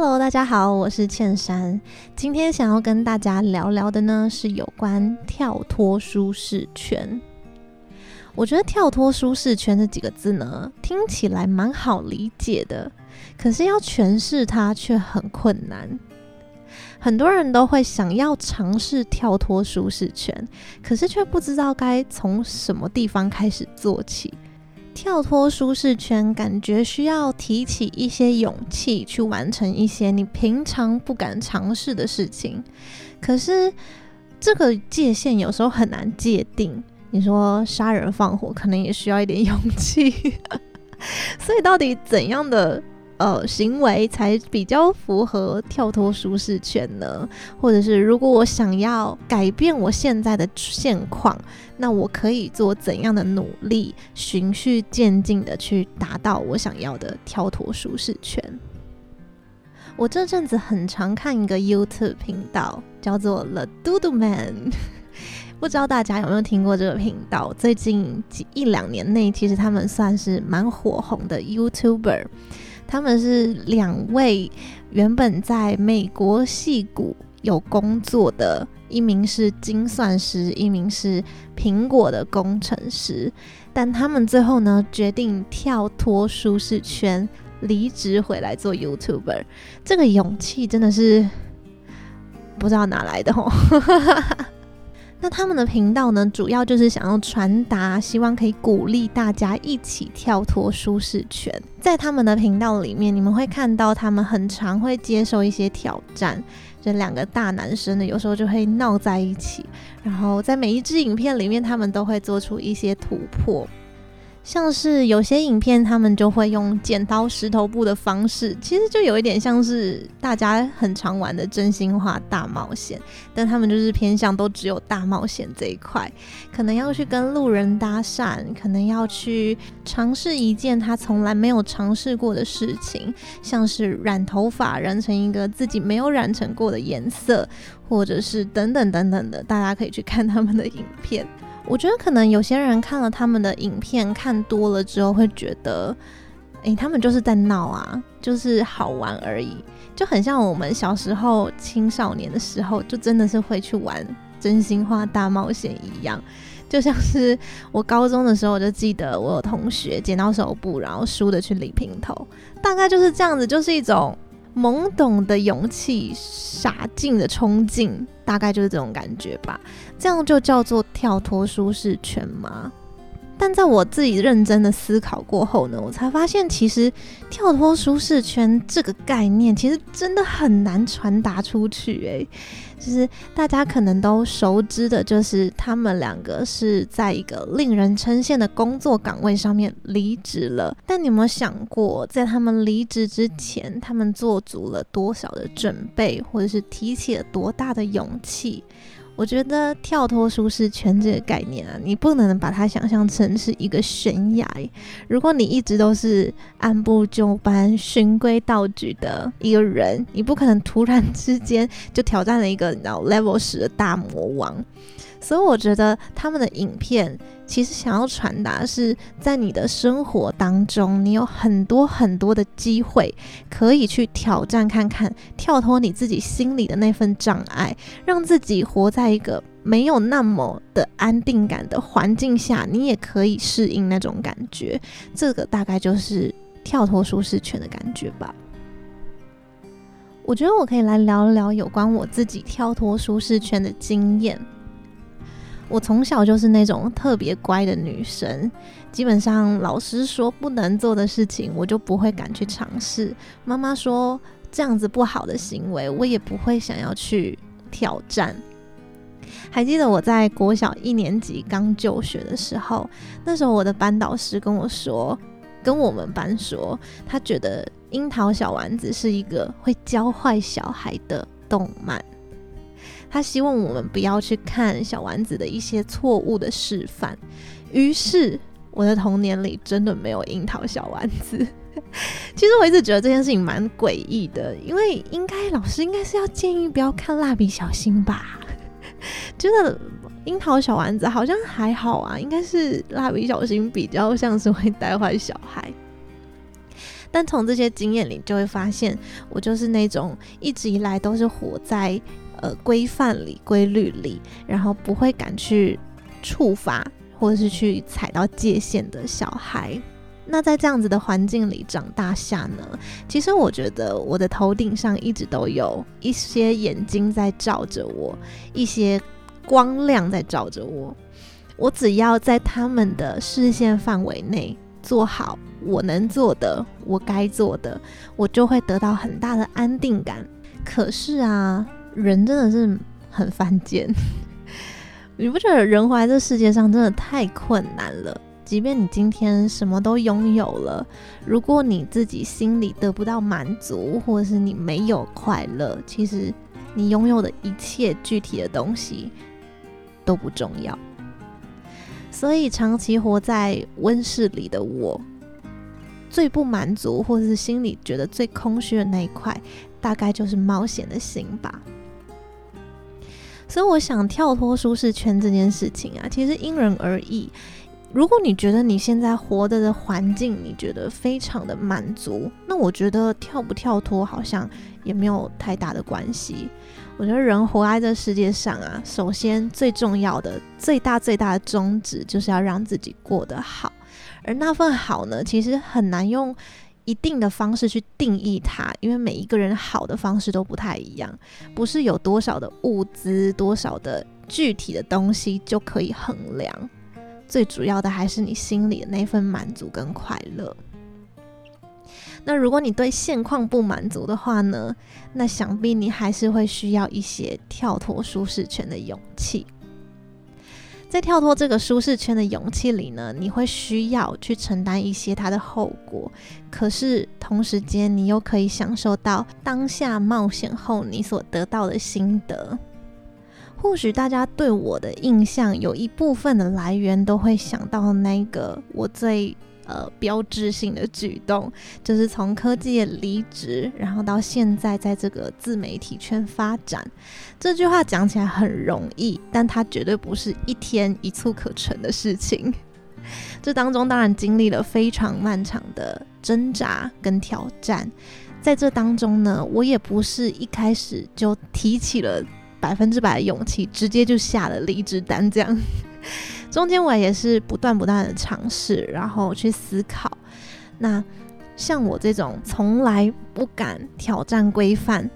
Hello，大家好，我是茜珊。今天想要跟大家聊聊的呢，是有關跳脫舒適圈。我覺得“跳脫舒適圈”這幾個字呢，聽起來蠻好理解的，可是要詮釋它卻很困難。很多人都會想要嘗試跳脫舒適圈，可是卻不知道該從什麼地方開始做起。跳脫舒適圈，感覺需要提起一些勇氣去完成一些你平常不敢嘗試的事情。可是，這個界限有時候很難界定。你說殺人放火，可能也需要一點勇氣。 所以，到底怎樣的？呃，行為才比較符合跳脫舒適圈呢？或者是，如果我想要改變我現在的現況，那我可以做怎樣的努力，循序漸進的去達到我想要的跳脫舒適圈？我這陣子很常看一個 YouTube 頻道，叫做 The DoDo Men， 不知道大家有沒有聽過這個頻道？最近一兩年內，其實他們算是蠻火紅的 YouTuber。他們是兩位原本在美國矽谷有工作的，一名是精算師，一名是蘋果的工程師，但他們最後呢，決定跳脫舒適圈，離職回來做 YouTuber，這個勇氣真的是不知道哪來的吼、哦。 他們的頻道呢，主要就是想要傳達，希望可以鼓勵大家一起跳脫舒適圈。在他們的頻道裡面，你們會看到他們很常會接受一些挑戰，這兩個大男生呢，有時候就會鬧在一起。然後在每一支影片裡面，他們都會做出一些突破。像是有些影片，他們就會用剪刀石頭布的方式，其實就有一點像是大家很常玩的真心話大冒險，但他們就是偏向都只有大冒險這一塊，可能要去跟路人搭訕，可能要去嘗試一件他從來沒有嘗試過的事情，像是染頭髮染成一個自己沒有染成過的顏色，或者是等等等等的，大家可以去看他們的影片。我覺得可能有些人看了他們的影片看多了之後會覺得，誒、欸，他們就是在鬧啊，就是好玩而已，就很像我們小時候青少年的時候，就真的是會去玩真心話大冒險一樣，就像是我高中的時候，我就記得我有同學剪刀手布，然後輸的去理平頭，大概就是這樣子，就是一種。懵懂的勇氣，傻勁的衝勁，大概就是這種感覺吧。這樣就叫做跳脫舒適圈嗎？但在我自己認真的思考過後呢，我才發現，其實跳脫舒適圈這個概念，其實真的很難傳達出去欸。誒，就是大家可能都熟知的，就是他們兩個是在一個令人稱羨的工作崗位上面離職了。但你有沒有想過，在他們離職之前，他們做足了多少的準備，或者是提起了多大的勇氣？我覺得跳脫舒適圈這個概念啊，你不能把它想象成是一個懸崖。如果你一直都是按部就班、循規蹈矩的一個人，你不可能突然之間就挑戰了一個你知道 level 10的大魔王。所以、so, 我覺得他們的影片，其實想要傳達的是在你的生活當中，你有很多很多的機會可以去挑戰看看，跳脫你自己心裡的那份障礙，讓自己活在一個沒有那麼的安定感的環境下，你也可以適應那種感覺。這個大概就是跳脫舒適圈的感覺吧。我覺得我可以來聊一聊有關我自己跳脫舒適圈的經驗。我從小就是那種特別乖的女生，基本上老師說不能做的事情，我就不會敢去嘗試；媽媽說這樣子不好的行為，我也不會想要去挑戰。還記得我在國小一年級剛就學的時候，那時候我的班導師跟我說，跟我們班說，他覺得《櫻桃小丸子》是一個會教壞小孩的動漫。他希望我們不要去看小丸子的一些錯誤的示範，於是我的童年裡真的沒有櫻桃小丸子。其實我一直覺得這件事情蠻詭異的，因為應該老師應該是要建議不要看蠟筆小新吧？覺得櫻桃小丸子好像還好啊，應該是蠟筆小新比較像是會帶壞小孩。但從這些經驗裡就會發現，我就是那種一直以來都是活在。呃，規範裡、規律裡，然後不會敢去觸發或是去踩到界限的小孩，那在這樣子的環境裡長大下呢？其實我覺得我的頭頂上一直都有一些眼睛在照着我，一些光亮在照着我。我只要在他們的視線範圍內做好我能做的，我該做的，我就會得到很大的安定感。可是啊。人真的是很犯賤， 你不覺得人活在這世界上真的太困難了？即便你今天什麼都擁有了，如果你自己心裡得不到滿足，或者是你沒有快樂，其實你擁有的一切具體的東西都不重要。所以長期活在溫室裡的我，最不滿足，或是心裡覺得最空虛的那一塊，大概就是冒險的心吧。所以，我想跳脫舒適圈這件事情啊，其實因人而異。如果你覺得你現在活着的環境，你覺得非常的滿足，那我覺得跳不跳脫好像也沒有太大的關係。我覺得人活在這世界上啊，首先最重要的、最大最大的宗旨，就是要讓自己過得好。而那份好呢，其實很難用。一定的方式去定義它，因為每一個人好的方式都不太一樣，不是有多少的物資、多少的具體的東西就可以衡量。最主要的還是你心裡的那份滿足跟快樂。那如果你對現況不滿足的話呢？那想必你還是會需要一些跳脫舒適圈的勇氣。在跳脫這個舒適圈的勇氣裡呢，你會需要去承擔一些它的後果。可是同時間，你又可以享受到當下冒險後你所得到的心得。或許大家對我的印象有一部分的來源，都會想到那個我最。呃，標誌性的舉動就是從科技離職，然後到現在在這個自媒體圈發展。這句話講起來很容易，但它絕對不是一天一蹴可成的事情。 這當中當然經歷了非常漫長的掙扎跟挑戰。在這當中呢，我也不是一開始就提起了百分之百的勇氣，直接就下了離職單這樣。 中間我也是不斷不斷的嘗試，然後去思考。那像我這種從來不敢挑戰規範，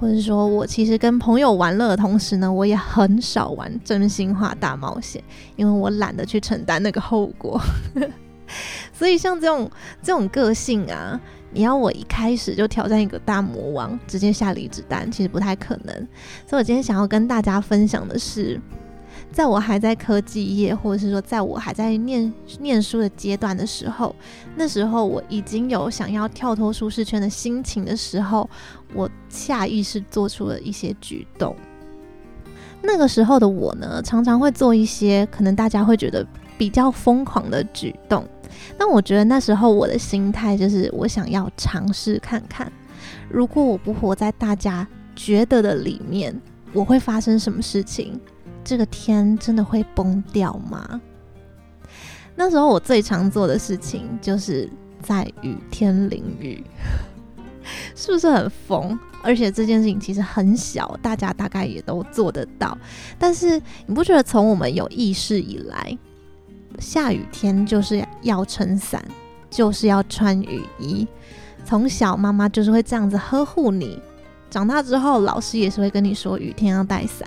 或者說我其實跟朋友玩樂的同時呢，我也很少玩真心話大冒險，因為我懶得去承擔那個後果。 所以像這種這種個性啊，你要我一開始就挑戰一個大魔王，直接下離職單，其實不太可能。所以我今天想要跟大家分享的是。在我還在科技業，或者是說，在我還在念念書的階段的時候，那時候我已經有想要跳脫舒適圈的心情的時候，我下意識做出了一些舉動。那個時候的我呢，常常會做一些可能大家會覺得比較瘋狂的舉動。但我覺得那時候我的心態就是，我想要嘗試看看，如果我不活在大家覺得的裡面，我會發生什麼事情。這個天真的會崩掉嗎？那時候我最常做的事情就是在雨天淋雨， 是不是很瘋？而且這件事情其實很小，大家大概也都做得到。但是你不覺得從我們有意識以來，下雨天就是要撐傘，就是要穿雨衣？從小媽媽就是會這樣子呵護你，長大之後老師也是會跟你說雨天要帶傘。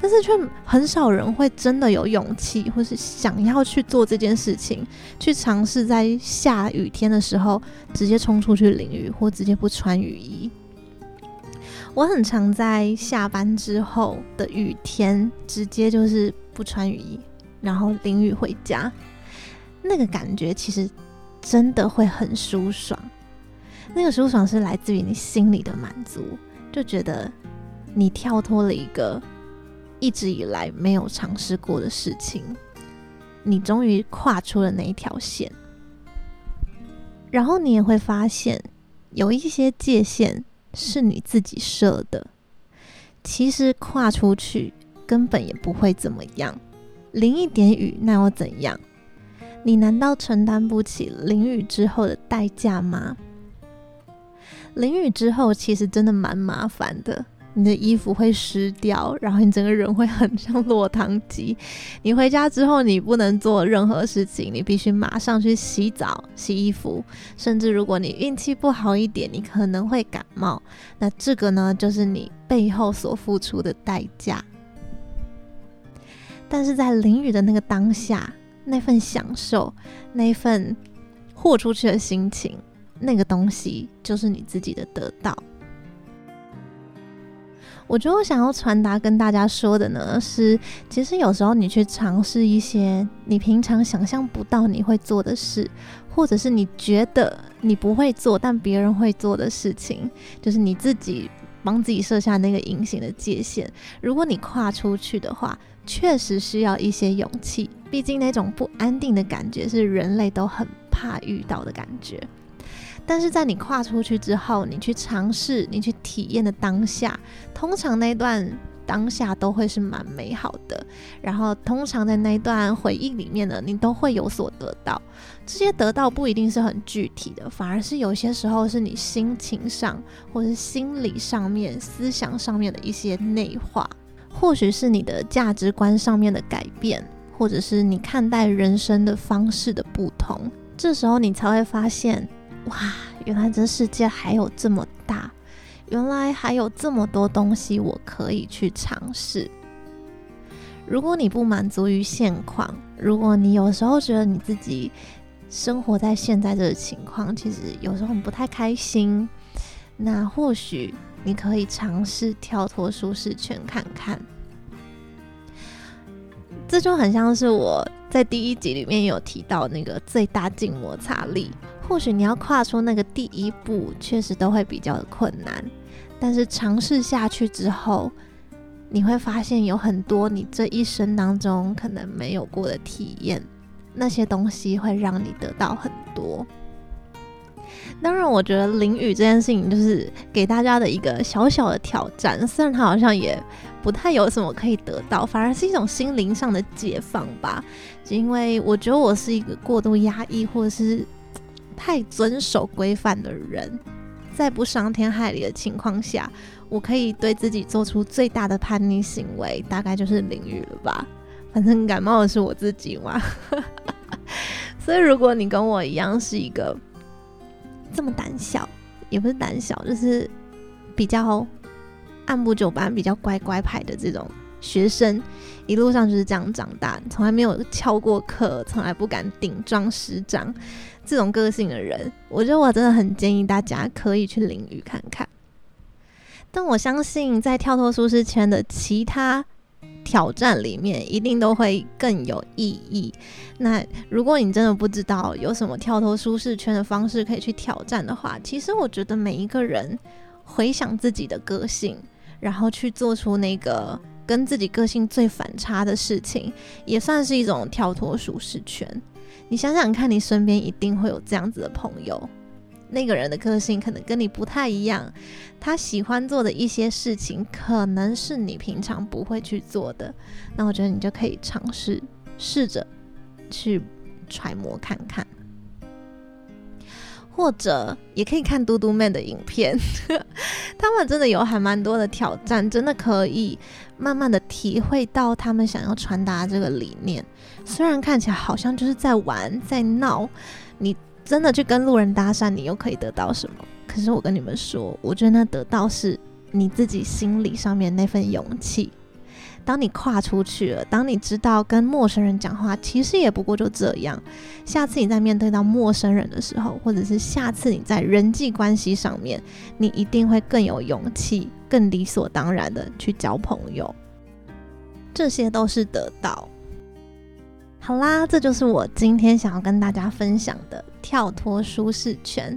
但是卻很少人會真的有勇氣，或是想要去做這件事情，去嘗試在下雨天的時候直接衝出去淋雨，或直接不穿雨衣。我很常在下班之後的雨天，直接就是不穿雨衣，然後淋雨回家。那個感覺其實真的會很舒爽，那個舒爽是來自於你心裡的滿足，就覺得你跳脫了一個。一直以來沒有嘗試過的事情，你終於跨出了那一條線，然後你也會發現，有一些界限是你自己設的。其實跨出去根本也不會怎麼樣，淋一點雨那又怎樣？你難道承擔不起淋雨之後的代價嗎？淋雨之後其實真的蠻麻煩的。你的衣服會濕掉，然後你整個人會很像落湯雞。你回家之後，你不能做任何事情，你必須馬上去洗澡、洗衣服。甚至如果你運氣不好一點，你可能會感冒。那這個呢，就是你背後所付出的代價。但是在淋雨的那個當下，那份享受，那份豁出去的心情，那個東西就是你自己的得到。我覺得我想要傳達跟大家說的呢，是其實有時候你去嘗試一些你平常想象不到你會做的事，或者是你覺得你不會做但別人會做的事情，就是你自己幫自己設下那個隱形的界限。如果你跨出去的話，確實需要一些勇氣，畢竟那種不安定的感覺是人類都很怕遇到的感覺。但是在你跨出去之後，你去嘗試、你去體驗的當下，通常那段當下都會是蠻美好的。然後，通常在那段回憶裡面呢，你都會有所得到。這些得到不一定是很具體的，反而是有些時候是你心情上，或是心理上面、思想上面的一些內化，或許是你的價值觀上面的改變，或者是你看待人生的方式的不同。這時候你才會發現。哇，原來這世界還有這麼大，原來還有這麼多東西我可以去嘗試。如果你不滿足於現況，如果你有時候覺得你自己生活在現在這個情況，其實有時候很不太開心，那或許你可以嘗試跳脫舒適圈看看。這就很像是我在第一集裡面有提到的那個最大靜摩擦力。或許你要跨出那個第一步，確實都會比較困難。但是嘗試下去之後，你會發現有很多你這一生當中可能沒有過的體驗，那些東西會讓你得到很多。當然，我覺得淋雨這件事情就是給大家的一個小小的挑戰。雖然它好像也不太有什麼可以得到，反而是一種心靈上的解放吧。因為我覺得我是一個過度壓抑，或者是。太遵守規範的人，在不傷天害理的情況下，我可以對自己做出最大的叛逆行為，大概就是淋雨了吧。反正感冒的是我自己嘛。 所以，如果你跟我一樣是一個這麼膽小，也不是膽小，就是比較、哦、按部就班、比較乖乖牌的這種。學生一路上就是這樣長大，從來沒有翹過課，從來不敢頂撞師長，這種個性的人，我覺得我真的很建議大家可以去淋雨看看。但我相信，在跳脫舒適圈的其他挑戰裡面，一定都會更有意義。那如果你真的不知道有什麼跳脫舒適圈的方式可以去挑戰的話，其實我覺得每一個人回想自己的個性，然後去做出那個。跟自己個性最反差的事情，也算是一種跳脫舒適圈。你想想看，你身邊一定會有這樣子的朋友，那個人的個性可能跟你不太一樣，他喜歡做的一些事情，可能是你平常不會去做的。那我覺得你就可以嘗試，試着去揣摩看看。或者也可以看嘟嘟妹的影片， 他們真的有還蠻多的挑戰，真的可以慢慢的體會到他們想要傳達這個理念。雖然看起來好像就是在玩、在鬧，你真的去跟路人搭訕，你又可以得到什麼？可是我跟你們說，我覺得那得到是你自己心理上面那份勇氣。當你跨出去了，當你知道跟陌生人講話其實也不過就這樣，下次你在面對到陌生人的時候，或者是下次你在人際關係上面，你一定會更有勇氣、更理所當然的去交朋友。這些都是得到。好啦，這就是我今天想要跟大家分享的跳脫舒適圈。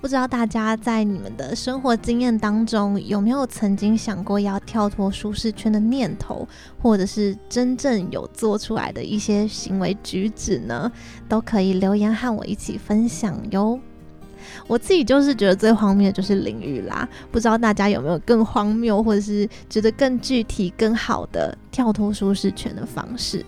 不知道大家在你們的生活經驗當中，有沒有曾經想過要跳脫舒適圈的念頭，或者是真正有做出來的一些行為舉止呢？都可以留言和我一起分享喲。我自己就是覺得最荒謬的就是淋浴啦，不知道大家有沒有更荒謬，或者是覺得更具體、更好的跳脫舒適圈的方式？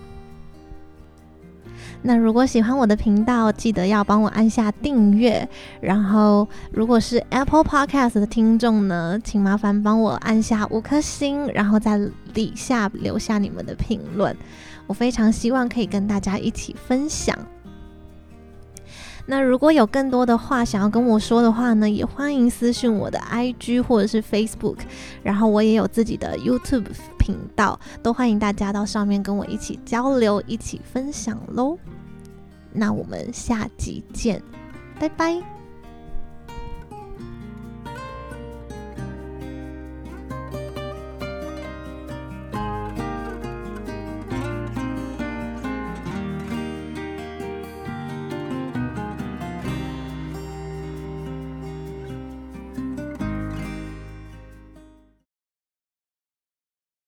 那如果喜歡我的頻道，記得要幫我按下訂閱。然後，如果是 Apple Podcast 的聽眾呢，請麻煩幫我按下五顆星，然後在底下留下你們的評論。我非常希望可以跟大家一起分享。那如果有更多的話想要跟我說的話呢，也歡迎私訊我的 IG 或者是 Facebook，然後我也有自己的 YouTube 頻道，都歡迎大家到上面跟我一起交流、一起分享嘍。那我們下集見，拜拜。